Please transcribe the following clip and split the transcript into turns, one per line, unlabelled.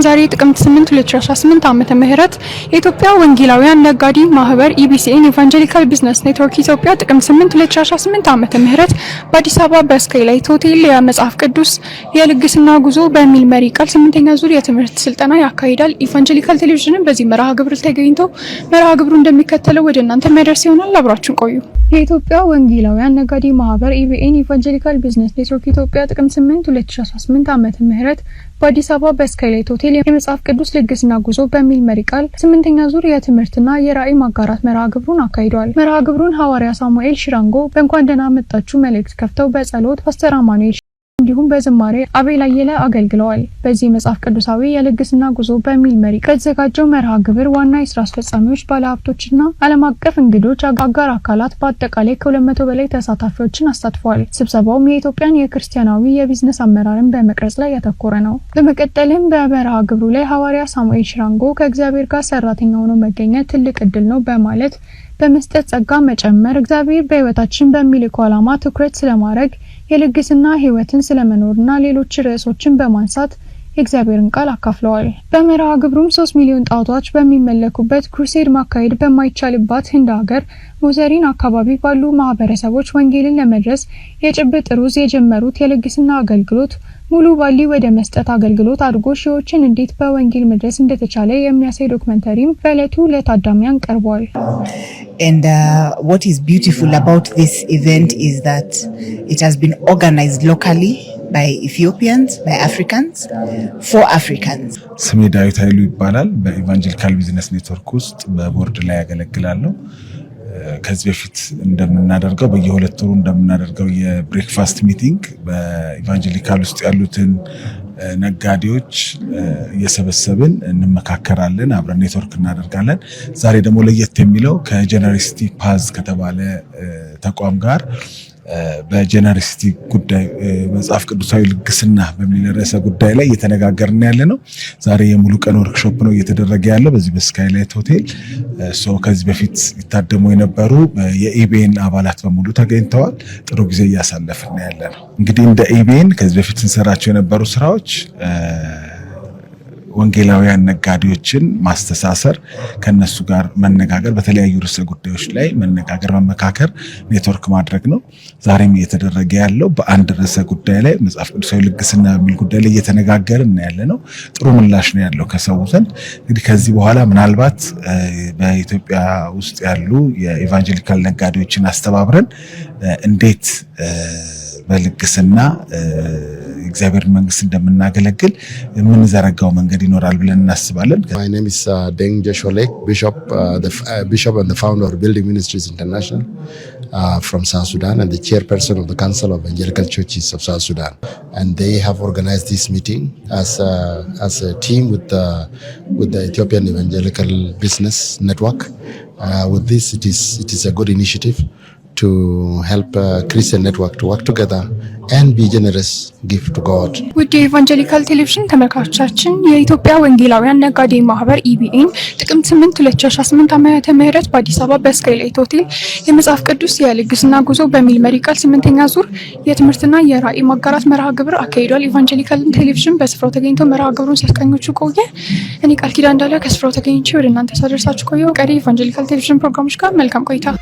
ቀን ዛሬ ጥቅምት 8 2018 ዓመተ ምህረት የኢትዮጵያ ወንጌላውያን ነጋዴ ማህበር ኢቢሲኤን ኢቫንጀሊካል ቢዝነስ ኔትወርክ ኢትዮጵያ ጥቅምት 8 2018 ዓመተ ምህረት በአዲስ አበባ በስካይላይት ሆቴል የመጽሐፍ ቅዱስ የልግስና ጉዞ በሚል መሪ ቃል ስምንተኛ ዙር የትምህርት ስልጠና ያካሂዳል። ኢቫንጀሊካል ቴሌቪዥንም በዚህ መርሃ ግብር ተገኝቶ መርሃ ግብሩ እንደሚከተለው ወደ እናንተ የሚያደርስ ይሆናል። አብራችን ቆዩ። የኢትዮጵያ ወንጌላውያን ነጋዴ ማህበር ኢቢኤን ኢቫንጀሊካል ቢዝነስ ኔትወርክ ኢትዮጵያ ጥቅምት 8 2018 ዓመተ ምህረት በአዲስ አበባ በስካይላይት ሆቴል ወንጌል የመጽሐፍ ቅዱስ ልግስና ጉዞ በሚል መሪ ቃል ስምንተኛ ዙር የትምህርትና የራእይ ማጋራት መርሃ ግብሩን አካሂዷል። መርሃ ግብሩን ሐዋርያ ሳሙኤል ሽራንጎ በእንኳን ደህና መጣችሁ መልእክት ከፍተው በጸሎት ፓስተር አማኑኤል እንዲሁም በዝማሬ አቤል አየለ አገልግለዋል። በዚህ መጽሐፍ ቅዱሳዊ የልግስና ጉዞ በሚል መሪ ከተዘጋጀው መርሃ ግብር ዋና የስራ አስፈጻሚዎች፣ ባለሀብቶችና ዓለም አቀፍ እንግዶች፣ አጋር አካላት በአጠቃላይ ከሁለት መቶ በላይ ተሳታፊዎችን አሳትፏል። ስብሰባውም የኢትዮጵያን የክርስቲያናዊ የቢዝነስ አመራርን በመቅረጽ ላይ ያተኮረ ነው። በመቀጠልም በመርሃ ግብሩ ላይ ሐዋርያ ሳሙኤል ሽራንጎ ከእግዚአብሔር ጋር ሰራተኛ ሆኖ መገኘት ትልቅ እድል ነው በማለት በመስጠት ጸጋ መጨመር፣ እግዚአብሔር በህይወታችን በሚልኩ ዓላማ ትኩረት ስለማድረግ፣ የልግስና ህይወትን ስለመኖርና ሌሎች ርዕሶችን በማንሳት የእግዚአብሔርን ቃል አካፍለዋል። በመርሃ ግብሩም ሶስት ሚሊዮን ጣዖቶች በሚመለኩበት ክሩሴድ ማካሄድ በማይቻልባት ህንድ ሀገር ሞዘሪን አካባቢ ባሉ ማህበረሰቦች ወንጌልን ለመድረስ የጭብጥ ሩዝ የጀመሩት የልግስና አገልግሎት ሙሉ ባሊ ወደ መስጠት አገልግሎት አድርጎ ሺዎችን እንዴት በወንጌል መድረስ እንደተቻለ የሚያሳይ ዶክመንተሪም በዕለቱ ለታዳሚያን ቀርቧል። And uh, what is beautiful about this event is that it has been organized locally. ባይ አፍሪካንስ ፎር ስሜ ዳዊት ኃይሉ ይባላል። በኢቫንጀሊካል ቢዝነስ ኔትወርክ ውስጥ በቦርድ ላይ ያገለግላለሁ። ከዚህ በፊት እንደምናደርገው በየሁለት ወሩ እንደምናደርገው የብሬክፋስት ሚቲንግ በኢቫንጀሊካል ውስጥ ያሉትን ነጋዴዎች እየሰበሰብን እንመካከራለን፣ አብረን ኔትወርክ እናደርጋለን። ዛሬ ደግሞ ለየት የሚለው ከጀነሪሲቲ ፓዝ ከተባለ ተቋም ጋር በጀነሪሲቲ ጉዳይ መጽሐፍ ቅዱሳዊ ልግስና በሚል ርዕሰ ጉዳይ ላይ እየተነጋገርን ያለ ነው። ዛሬ የሙሉ ቀን ወርክሾፕ ነው እየተደረገ ያለው በዚህ በስካይላይት ሆቴል። ከዚህ በፊት ይታደሙ የነበሩ የኢቤን አባላት በሙሉ ተገኝተዋል። ጥሩ ጊዜ እያሳለፍን ያለ ነው። እንግዲህ እንደ ኢቤን ከዚህ በፊት ስንሰራቸው የነበሩ ስራዎች ወንጌላውያን ነጋዴዎችን ማስተሳሰር፣ ከነሱ ጋር መነጋገር፣ በተለያዩ ርዕሰ ጉዳዮች ላይ መነጋገር፣ መመካከር፣ ኔትወርክ ማድረግ ነው። ዛሬም እየተደረገ ያለው በአንድ ርዕሰ ጉዳይ ላይ መጽሐፍ ቅዱሳዊ ልግስና በሚል ጉዳይ ላይ እየተነጋገርን ያለ ነው። ጥሩ ምላሽ ነው ያለው ከሰው ዘንድ። እንግዲህ ከዚህ በኋላ ምናልባት በኢትዮጵያ ውስጥ ያሉ የኢቫንጀሊካል ነጋዴዎችን አስተባብረን እንዴት በልግስና የእግዚአብሔርን መንግስት እንደምናገለግል የምንዘረጋው መንገድ ይኖራል ብለን እናስባለን። ማይ ኔም ቢሾፕ ኤንድ ፋውንደር ኦፍ ቢልዲንግ ሚኒስትሪስ ኢንተርናሽናል ፍሮም ሳውዝ ሱዳን ኤንድ ቼርፐርሰን ኦፍ ካውንስል ኦፍ ኤቫንጀሊካል ቸርችስ ኦፍ ሳውዝ ሱዳን ኤንድ ዜይ ሃቭ ኦርጋናይዝድ ዚስ ሚቲንግ አስ ኤ ቲም ዊዝ ኢትዮጵያን ኤቫንጀሊካል ቢዝነስ ኔትወርክ ዊዝ ዚስ ኢት ኢዝ አ ጉድ ኢኒሺቲቭ to help uh, Christian Network to work together and be generous give to God። ውድ የኢቫንጀሊካል ቴሌቪዥን ተመልካቾቻችን የኢትዮጵያ ወንጌላውያን ነጋዴ ማህበር ኢቢኤን e ጥቅምት 8 2018 ዓመተ ምህረት በአዲስ አበባ በስካይላይት ሆቴል የመጽሐፍ ቅዱስ የልግስና ጉዞ በሚል መሪ ቃል ስምንተኛ ዙር የትምህርትና የራዕይ ማጋራት መርሃ ግብር አካሂዷል። ኢቫንጀሊካል ቴሌቪዥን በስፍራው ተገኝቶ መርሃ ግብሩን ሲያስቃኞቹ ቆየ። እኔ ቃል ኪዳን እንዳለ ከስፍራው ተገኝቼ ወደ እናንተ ሳደርሳችሁ ቆየው። ቀሪ ኢቫንጀሊካል ቴሌቪዥን ፕሮግራሞች ጋር መልካም ቆይታ